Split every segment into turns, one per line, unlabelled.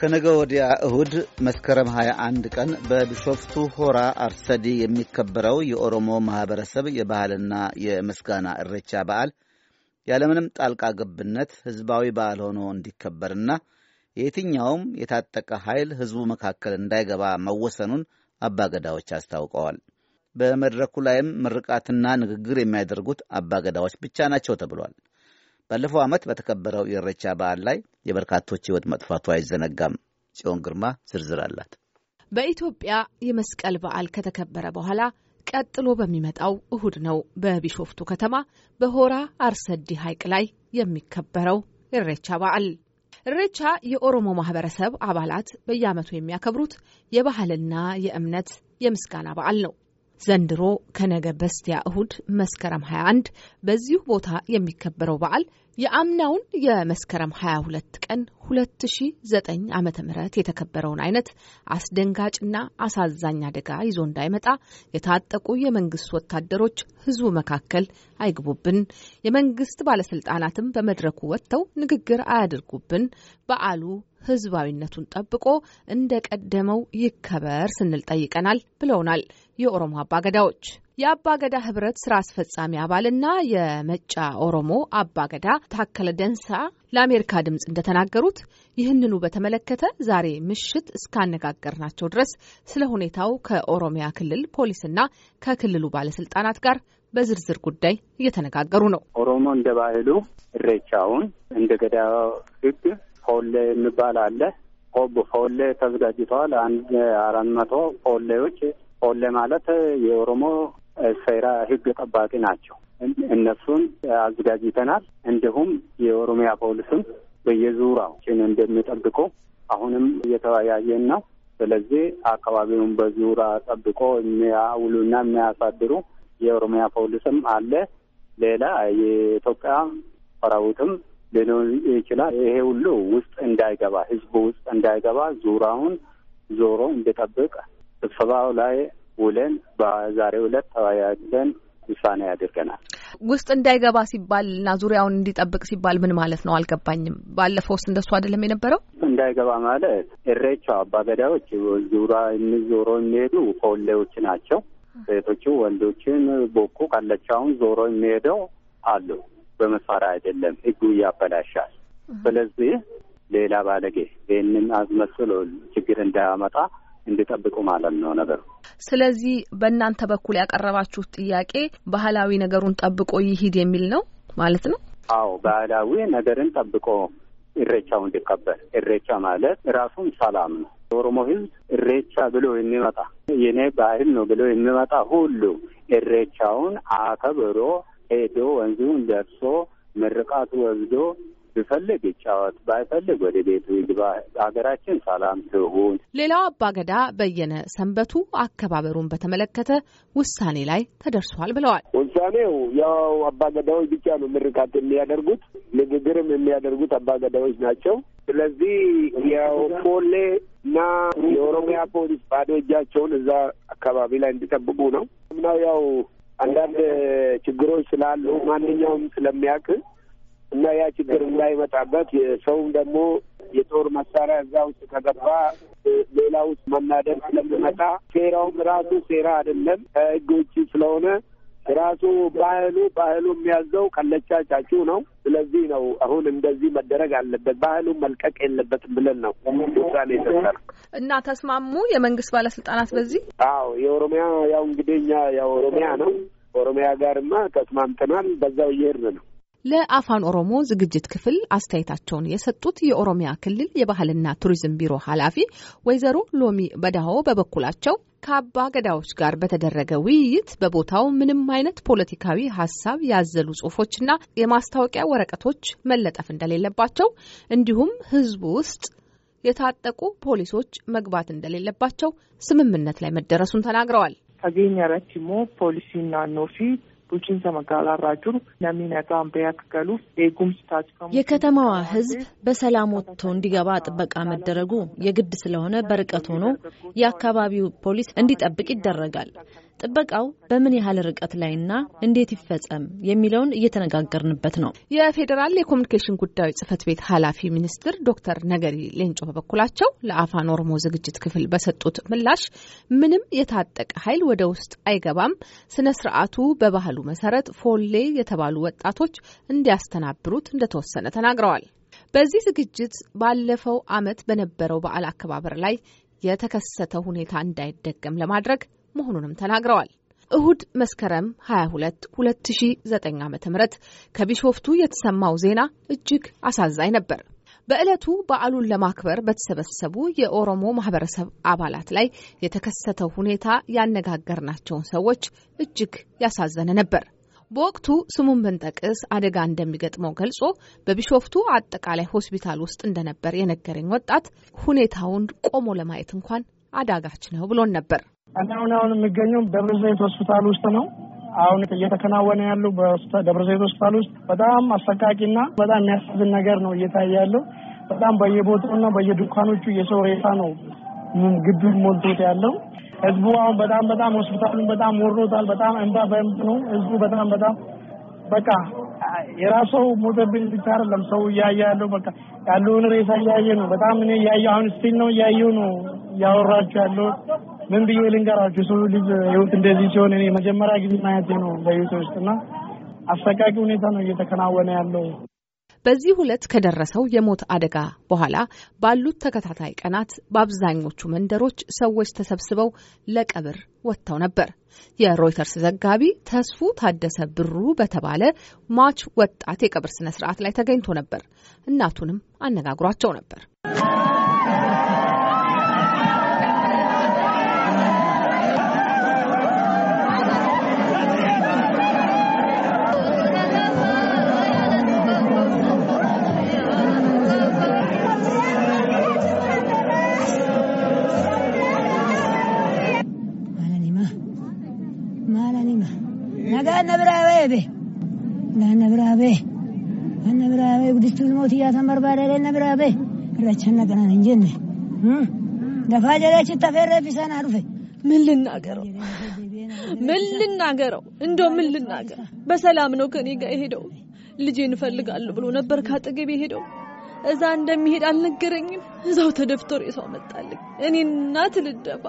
ከነገ ወዲያ እሁድ መስከረም 21 ቀን በቢሾፍቱ ሆራ አርሰዲ የሚከበረው የኦሮሞ ማኅበረሰብ የባህልና የምስጋና እረቻ በዓል ያለምንም ጣልቃ ገብነት ሕዝባዊ በዓል ሆኖ እንዲከበርና የትኛውም የታጠቀ ኃይል ሕዝቡ መካከል እንዳይገባ መወሰኑን አባገዳዎች አስታውቀዋል። በመድረኩ ላይም ምርቃትና ንግግር የሚያደርጉት አባገዳዎች ብቻ ናቸው ተብሏል። ባለፈው ዓመት በተከበረው የእረቻ በዓል ላይ የበርካቶች ሕይወት መጥፋቱ አይዘነጋም። ጽዮን ግርማ ዝርዝር አላት።
በኢትዮጵያ የመስቀል በዓል ከተከበረ በኋላ ቀጥሎ በሚመጣው እሁድ ነው በቢሾፍቱ ከተማ በሆራ አርሰዲ ሐይቅ ላይ የሚከበረው የእሬቻ በዓል። እሬቻ የኦሮሞ ማህበረሰብ አባላት በየዓመቱ የሚያከብሩት የባህልና የእምነት የምስጋና በዓል ነው። ዘንድሮ ከነገ በስቲያ እሁድ መስከረም 21 በዚሁ ቦታ የሚከበረው በዓል የአምናውን የመስከረም 22 ቀን 2009 ዓ ም የተከበረውን አይነት አስደንጋጭና አሳዛኝ አደጋ ይዞ እንዳይመጣ የታጠቁ የመንግስት ወታደሮች ህዝቡ መካከል አይግቡብን፣ የመንግስት ባለስልጣናትም በመድረኩ ወጥተው ንግግር አያድርጉብን፣ በዓሉ ህዝባዊነቱን ጠብቆ እንደ ቀደመው ይከበር ስንል ጠይቀናል ብለውናል የኦሮሞ አባገዳዎች። የአባገዳ ህብረት ስራ አስፈጻሚ አባልና የመጫ ኦሮሞ አባገዳ ታከለ ደንሳ ለአሜሪካ ድምፅ እንደተናገሩት ይህንኑ በተመለከተ ዛሬ ምሽት እስካነጋገርናቸው ድረስ ስለ ሁኔታው ከኦሮሚያ ክልል ፖሊስና ከክልሉ ባለስልጣናት ጋር በዝርዝር ጉዳይ እየተነጋገሩ ነው።
ኦሮሞ እንደ ባህሉ እሬቻውን እንደ ገዳ ህግ ፎሌ የሚባል አለ። ሆብ ፎሌ ተዘጋጅተዋል። አንድ አራት መቶ ፎሌዎች ፎሌ ማለት የኦሮሞ ሴራ ህግ ጠባቂ ናቸው። እነሱን አዘጋጅተናል። እንዲሁም የኦሮሚያ ፖሊስም በየዙሪያችን እንደሚጠብቁ አሁንም እየተወያየን ነው። ስለዚህ አካባቢውን በዙራ ጠብቆ የሚያውሉና የሚያሳድሩ የኦሮሚያ ፖሊስም አለ። ሌላ የኢትዮጵያ ሰራዊትም ሊሆን ይችላል። ይሄ ሁሉ ውስጥ እንዳይገባ ህዝቡ ውስጥ እንዳይገባ ዙራውን ዞሮ እንዲጠብቅ ስብሰባው ላይ ውለን በዛሬ ዕለት ተወያይተን ውሳኔ አድርገናል።
ውስጥ እንዳይገባ ሲባል እና ዙሪያውን እንዲጠብቅ ሲባል ምን ማለት ነው? አልገባኝም። ባለፈው ውስጥ እንደሱ አይደለም የነበረው። እንዳይገባ
ማለት እሬቻ አባገዳዎች ዙራ የሚዞሮ የሚሄዱ ኮሌዎች ናቸው። ሴቶቹ ወንዶችን ቦኩ ካለቻውን ዞሮ የሚሄደው አሉ በመሳሪያ አይደለም፣ ህጉ ያበላሻል። ስለዚህ ሌላ ባለጌ ይህንን አስመስሎ ችግር እንዳያመጣ እንዲጠብቁ ማለት ነው ነገሩ።
ስለዚህ በእናንተ በኩል ያቀረባችሁት ጥያቄ ባህላዊ ነገሩን ጠብቆ ይሂድ የሚል ነው ማለት ነው?
አዎ ባህላዊ ነገርን ጠብቆ እሬቻው እንዲከበር። እሬቻ ማለት ራሱን ሰላም ነው። የኦሮሞ ህዝብ እሬቻ ብሎ የሚመጣ የኔ ባህል ነው ብሎ የሚመጣ ሁሉ እሬቻውን አከብሮ ሄዶ ወንዙን ደርሶ ምርቃቱ ወስዶ ብፈልግ ይጫወት፣ ባይፈልግ ወደ ቤቱ ይግባ። ሀገራችን ሰላም ትሁን።
ሌላው አባገዳ በየነ ሰንበቱ አከባበሩን በተመለከተ ውሳኔ ላይ ተደርሷል ብለዋል።
ውሳኔው ያው አባገዳዎች ብቻ ነው ምርቃት የሚያደርጉት ንግግርም የሚያደርጉት አባገዳዎች ናቸው። ስለዚህ ያው ፖሌ እና የኦሮሚያ ፖሊስ ባዶ እጃቸውን እዛ አካባቢ ላይ እንዲጠብቁ ነው ምናው ያው አንዳንድ ችግሮች ስላሉ ማንኛውም ስለሚያውቅ እና ያ ችግር እንዳይመጣበት ሰውም ደግሞ የጦር መሳሪያ እዛ ውስጥ ከገባ ሌላ ውስጥ መናደድ ስለሚመጣ ሴራውም ራሱ ሴራ አይደለም፣ ከህግ ውጭ ስለሆነ ራሱ ባህሉ ባህሉ የሚያዘው ከለቻቻችሁ ነው። ስለዚህ ነው አሁን እንደዚህ መደረግ አለበት፣ ባህሉን መልቀቅ የለበትም ብለን ነው ውሳኔ የሰጠነው
እና ተስማሙ የመንግስት ባለስልጣናት በዚህ።
አዎ የኦሮሚያ ያው እንግዲህ እኛ ነው ኦሮሚያ ጋርማ ተስማምተናል። በዛው እየሄድን ነው
ለአፋን ኦሮሞ ዝግጅት ክፍል አስተያየታቸውን የሰጡት የኦሮሚያ ክልል የባህልና ቱሪዝም ቢሮ ኃላፊ ወይዘሮ ሎሚ በዳሆ በበኩላቸው ከአባ ገዳዎች ጋር በተደረገ ውይይት በቦታው ምንም አይነት ፖለቲካዊ ሀሳብ ያዘሉ ጽሁፎችና የማስታወቂያ ወረቀቶች መለጠፍ እንደሌለባቸው እንዲሁም ህዝቡ ውስጥ የታጠቁ ፖሊሶች መግባት እንደሌለባቸው ስምምነት ላይ መደረሱን ተናግረዋል።
ከገኛ ረችሞ ፖሊሲና ኖፊ ቡችንሰ መጋላ ራጁር ለሚነጋ አንበያ ክገሉ የጉምስ
የከተማዋ ህዝብ በሰላም ወጥቶ እንዲገባ ጥበቃ መደረጉ የግድ ስለሆነ በርቀት ሆኖ የአካባቢው ፖሊስ እንዲጠብቅ ይደረጋል። ጥበቃው በምን ያህል ርቀት ላይና እንዴት ይፈጸም የሚለውን እየተነጋገርንበት ነው። የፌዴራል የኮሚኒኬሽን ጉዳዮች ጽህፈት ቤት ኃላፊ ሚኒስትር ዶክተር ነገሪ ሌንጮ በበኩላቸው ለአፋን ኦሮሞ ዝግጅት ክፍል በሰጡት ምላሽ ምንም የታጠቀ ኃይል ወደ ውስጥ አይገባም፣ ስነ ስርዓቱ በባህሉ መሰረት ፎሌ የተባሉ ወጣቶች እንዲያስተናብሩት እንደተወሰነ ተናግረዋል። በዚህ ዝግጅት ባለፈው ዓመት በነበረው በዓል አከባበር ላይ የተከሰተ ሁኔታ እንዳይደገም ለማድረግ መሆኑንም ተናግረዋል። እሁድ መስከረም 22 2009 ዓ ም ከቢሾፍቱ የተሰማው ዜና እጅግ አሳዛኝ ነበር። በዕለቱ በዓሉን ለማክበር በተሰበሰቡ የኦሮሞ ማህበረሰብ አባላት ላይ የተከሰተው ሁኔታ ያነጋገርናቸውን ሰዎች እጅግ ያሳዘነ ነበር። በወቅቱ ስሙን ብንጠቅስ አደጋ እንደሚገጥመው ገልጾ በቢሾፍቱ አጠቃላይ ሆስፒታል ውስጥ እንደነበር የነገረኝ ወጣት ሁኔታውን ቆሞ ለማየት እንኳን አዳጋች ነው ብሎን ነበር። እና አሁን አሁን የምገኘው
ደብረ ዘይት ሆስፒታል ውስጥ ነው። አሁን እየተከናወነ ያለው በደብረ ዘይት ሆስፒታል ውስጥ በጣም አሰቃቂና በጣም የሚያሳዝን ነገር ነው እየታየ ያለው። በጣም በየቦታውና በየዱካኖቹ የሰው ሬሳ ነው ግቢ ሞልቶት ያለው። ህዝቡ አሁን በጣም በጣም ሆስፒታሉን በጣም ወሮታል። በጣም እንባ በእንባ ነው ህዝቡ በጣም በጣም በቃ የራሰው ሞተብን ብቻ አይደለም ሰው እያየ ያለው በቃ ያለውን ሬሳ እያየ ነው። በጣም እኔ እያየ አሁን ስቲል ነው እያየው ነው እያወራቸው ያለው ምን ብዬ ልንገራችሁ? ሰው ልጅ ህይወት እንደዚህ ሲሆን እኔ መጀመሪያ ጊዜ ማየቴ ነው በህይወት ውስጥና አሰቃቂ ሁኔታ ነው እየተከናወነ
ያለው። በዚህ ሁለት ከደረሰው የሞት አደጋ በኋላ ባሉት ተከታታይ ቀናት በአብዛኞቹ መንደሮች ሰዎች ተሰብስበው ለቀብር ወጥተው ነበር። የሮይተርስ ዘጋቢ ተስፉ ታደሰ ብሩ በተባለ ሟች ወጣት የቀብር ስነ ስርዓት ላይ ተገኝቶ ነበር። እናቱንም አነጋግሯቸው ነበር። ንግድቱ ልሞት እያተመር ባደሬነ ብራቤ ረቸነ ቀናን እንጀነ ገፋ ተፈረ ፊሰና ዱፌ ምን ልናገረው? ምን ልናገረው? እንደው ምን ልናገር? በሰላም ነው ከኔ ጋር የሄደው። ልጅ እንፈልጋለሁ ብሎ ነበር ካጠገብ የሄደው። እዛ እንደሚሄድ አልነገረኝም። እዛው ተደፍቶ ሬሳው መጣልኝ። እኔ እናት ልደፋ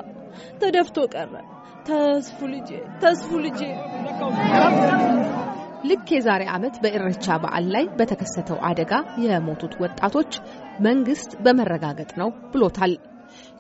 ተደፍቶ ቀረ። ተስፉ ልጄ፣ ተስፉ ልጄ ልክ የዛሬ ዓመት በኢሬቻ በዓል ላይ በተከሰተው አደጋ የሞቱት ወጣቶች መንግስት በመረጋገጥ ነው ብሎታል።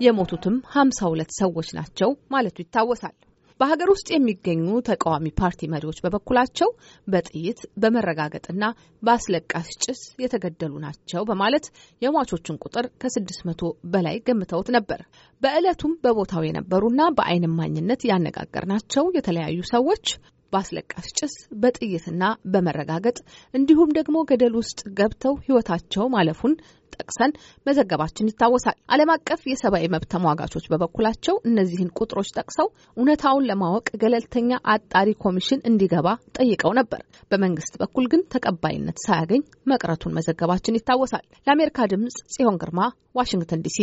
የሞቱትም 52 ሰዎች ናቸው ማለቱ ይታወሳል። በሀገር ውስጥ የሚገኙ ተቃዋሚ ፓርቲ መሪዎች በበኩላቸው በጥይት በመረጋገጥና በአስለቃሽ ጭስ የተገደሉ ናቸው በማለት የሟቾቹን ቁጥር ከ600 በላይ ገምተውት ነበር። በዕለቱም በቦታው የነበሩና በአይን እማኝነት ያነጋገርናቸው የተለያዩ ሰዎች በአስለቃሽ ጭስ በጥይትና በመረጋገጥ እንዲሁም ደግሞ ገደል ውስጥ ገብተው ሕይወታቸው ማለፉን ጠቅሰን መዘገባችን ይታወሳል። ዓለም አቀፍ የሰብአዊ መብት ተሟጋቾች በበኩላቸው እነዚህን ቁጥሮች ጠቅሰው እውነታውን ለማወቅ ገለልተኛ አጣሪ ኮሚሽን እንዲገባ ጠይቀው ነበር። በመንግስት በኩል ግን ተቀባይነት ሳያገኝ መቅረቱን መዘገባችን ይታወሳል። ለአሜሪካ ድምጽ ጽዮን ግርማ ዋሽንግተን ዲሲ